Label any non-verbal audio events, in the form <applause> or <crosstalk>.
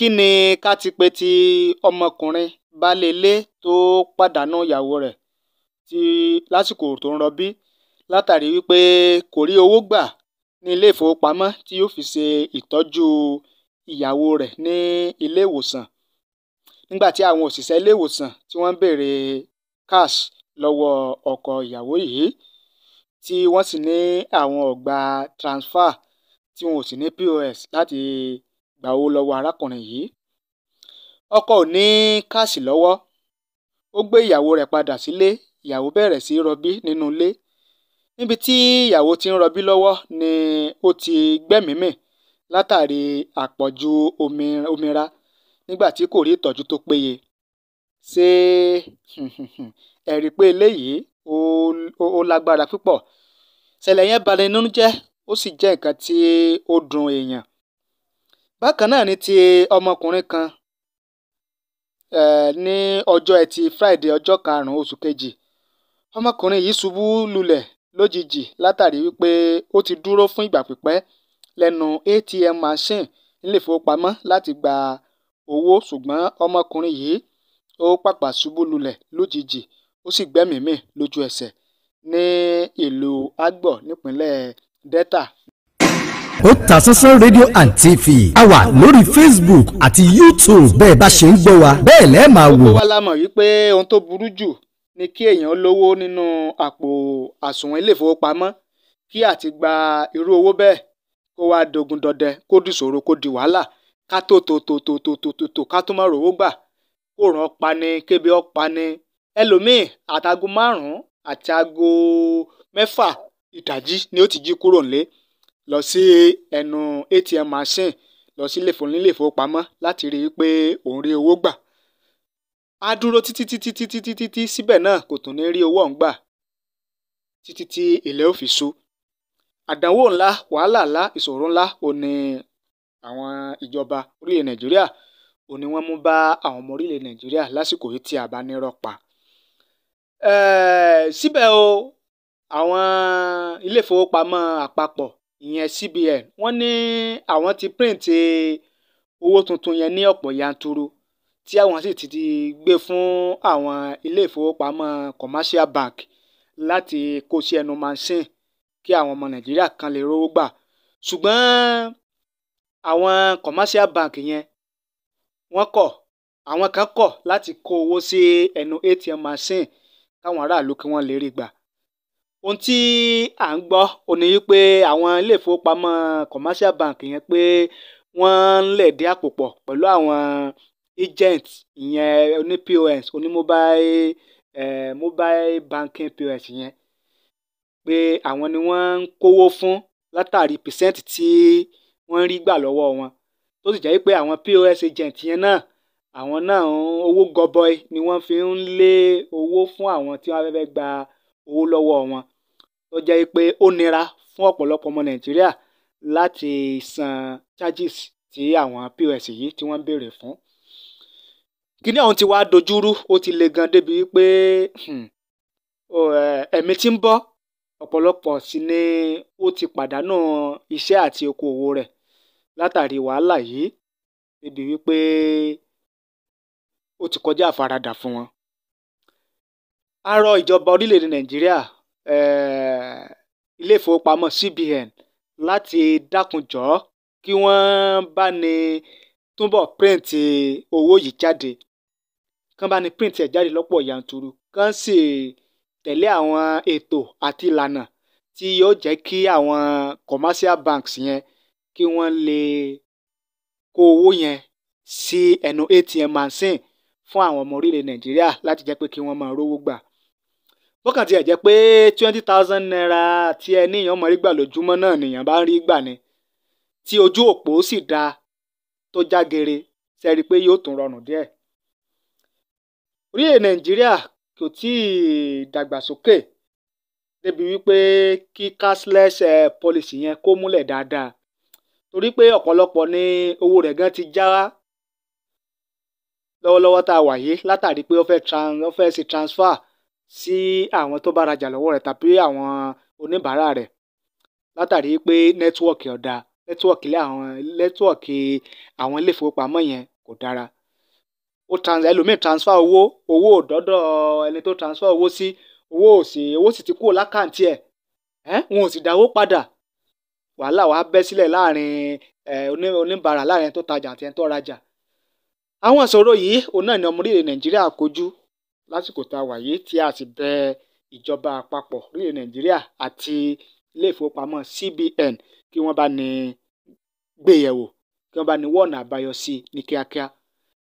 kí ni ká ti pe ti ọmọkùnrin baálé ilé tó pàdánù ìyàwó rẹ̀ tí lásìkò tó ń rọbí látàrí wípé kò rí owó gbà ní ilé ìfowópamọ́ tí yóò fi ṣe ìtọ́jú ìyàwó rẹ̀ ní ilé ìwòsàn nígbà tí àwọn òṣìṣẹ́ ilé ìwòsàn tí wọ́n ń cash lọ́wọ́ ọkọ ìyàwó yìí tí wọ́n sì ní àwọn ò transfer tí wọn ò sì ní POS láti gbà owó lọ́wọ́ arákùnrin yìí ọkọ ò ní káàṣì lọ́wọ́ ó gbé ìyàwó rẹ̀ padà sílé ìyàwó bẹ̀rẹ̀ sí í rọbí nínú ilé níbi tí ìyàwó ti ń rọbí lọ́wọ́ ni ó ti gbẹ́mìímì látàrí àpọ̀jù omira nígbà tí kò rí ìtọ́jú tó péye ṣé <laughs> ẹ rí i pé eléyìí ó lágbára púpọ̀ ṣẹlẹ̀ yẹn bani nínú jẹ́ ó sì jẹ́ nǹkan tí ó dùn èèyàn bákan náà ni ti ọmọkùnrin kan ní ọjọ́ ẹtì Friday ọjọ́ karùn-ún oṣù kejì ọmọkùnrin yìí ṣubú lulẹ̀ lójijì látàrí wípé ó ti dúró fún ìgbà pípẹ́ lẹ́nu ATM machine nílé ìfowópamọ́ láti gba owó ṣùgbọ́n ọmọkùnrin yìí ó pàpà ṣubú lulẹ̀ lójijì ó sì gbẹ́mìí mì lójú ẹsẹ̀ ní ìlú Agbor nípínlẹ̀ Delta Otasansan rédíò and TV a wà lórí Facebook àti YouTube bẹ́ẹ̀ bá ṣe ń gbọ́ wa bẹ́ẹ̀ lẹ́ẹ̀ máa wò. gbogbo wa la mọ̀ wípé ohun tó burú jù ni kí èèyàn lówó nínú àpò àsùnwọ̀n ilé ìfowópamọ́ kí àti gba irú owó bẹ́ẹ̀ kó wá dogun dọdẹ kó di ṣòro kó di wàhálà ká tó tó tó tó tó tó tó tó ká tó má rówó gbà kó ràn ọ́ pani kébi ọ́ pani ẹlòmíì àtago márùn-ún àti aago mẹ́fà ìdájí ni ó ti jí kúrò nílé lọ sí ẹnu atm machine lọ sí ilé ìfowópamọ́ láti rí i pé òun rí owó gbà á dúró títí títí títí títí tí síbẹ̀ náà kò tún ní rí owó ọ̀hún gbà títí tí ilẹ̀ ò fi ṣú àdánwò ńlá wàhálà ńlá ìṣòro ńlá ò ní àwọn ìjọba orílẹ̀ nàìjíríà ò ní wọ́n mú bá àwọn ọmọ orílẹ̀ nàìjíríà lásìkò yìí tí a bá nírọ́ pa síbẹ̀ o àwọn ilé àpapọ̀ ìyẹn CBN wọ́n ní àwọn ti print owó tuntun yẹn ní ọ̀pọ̀ yanturu tí àwọn sì ti gbé fún àwọn ilé ìfowópamọ́ commercial bank láti kó sí ẹnu machine kí àwọn ọmọ Nàìjíríà kan lè rówó gbà ṣùgbọ́n àwọn commercial bank yẹn wọ́n kọ̀ àwọn kan kọ̀ láti kó owó sí ẹnu ATM machine káwọn aráàlú kí wọ́n lè rí gbà ohun tí à ń gbọ́ ò wípé àwọn ilé ìfowópamọ́ commercial bank yẹn pé wọ́n ń lẹ̀dí àpò pọ̀ pẹ̀lú àwọn agent ìyẹn oní POS oní mobile eh, mobile banking POS yẹn pé àwọn ni wọ́n ń kówó fún látàrí percent tí wọ́n ń rí gbà lọ́wọ́ wọn tó sì jẹ́ pé àwọn POS agent yẹn náà àwọn náà owó gọbọi ni wọ́n fi ń lé owó fún àwọn tí wọ́n fẹ́ gba owó lọ́wọ́ wọn tó jẹ́ pé ó nira fún ọ̀pọ̀lọpọ̀ ọmọ nàìjíríà láti san charges tí àwọn pos yìí tí wọ́n ń béèrè fún. kíní ọ̀hún ti wá dojúrú ó ti le gan débi pé hmm, ẹ̀mí tí ń bọ́ ọ̀pọ̀lọpọ̀ sí ni ó ti pàdánù iṣẹ́ àti okòwò rẹ̀ látàrí wàhálà yìí débi wípé ó ti kọjá àfaradà fún wọn. a rọ ìjọba orílẹ̀-èdè nàìjíríà um ilé ìfowópamọ́ cbn láti dákunjọ kí wọ́n bá ní túbọ̀ print owó yìí jáde kán bá ní print ẹ̀ jáde lọ́pọ̀ yanturu kán sì tẹ̀lé àwọn ètò àti ìlànà tí yóò jẹ́ kí àwọn commercial banks yẹn kí wọ́n lè kó owó yẹn sí ẹnu atm machine fún àwọn ọmọ orílẹ̀ nàìjíríà láti jẹ́ pé kí wọ́n máa rówó gbà bọ́kàn tiẹ̀ jẹ́ pé twenty thousand naira tí ẹ níyàn mọ̀ rí gbà lójúmọ́ náà nìyàn bá ń rí gbà ni tí ojú òpó sì da tó já gere sẹ́rí pé yóò tún rọrùn díẹ̀. orílẹ̀ nàìjíríà kò tí ì dàgbàsókè débi wípé kí cashless eh, policy yẹn kó múlẹ̀ dáadáa torí pé ọ̀pọ̀lọpọ̀ ni owó rẹ̀ gan ti já lọ́wọ́lọ́wọ́ tá a wà yìí látàrí pé ó fẹ́ ṣe transfer sí àwọn tó bá rajà lọ́wọ́ rẹ̀ tàbí àwọn oníbàárà rẹ̀ látàrí pé nẹ́tíwọ̀kì ọ̀dà nẹ́tíwọ̀kì àwọn nẹ́tíwọ̀kì àwọn ilé ìfowópamọ́ yẹn kò dára ó ẹlòmíì transfer owó owó ò dọ́dọ̀ ẹni tó transfer owó sí owó ò sì owó sì ti kúrò lákàntì ẹ̀ ẹ́ wọn ò sì dáwó padà wàhálà wàá bẹ́ sílẹ̀ láàrin oníbàárà láàrin tó tajà àti ẹni tó rajà àwọn ìṣòro yìí òun náà ni ọmọ orílẹ̀ Nàìjíríà kojú lásìkò tá a wà yìí tí a sì bẹ ìjọba àpapọ̀ orílẹ̀ nàìjíríà àti ilé ìfowópamọ́ CBN kí wọ́n bá ní gbéyẹ̀wò kí wọ́n bá ní wọ́ọ̀nà àbáyọ sí ní kíákíá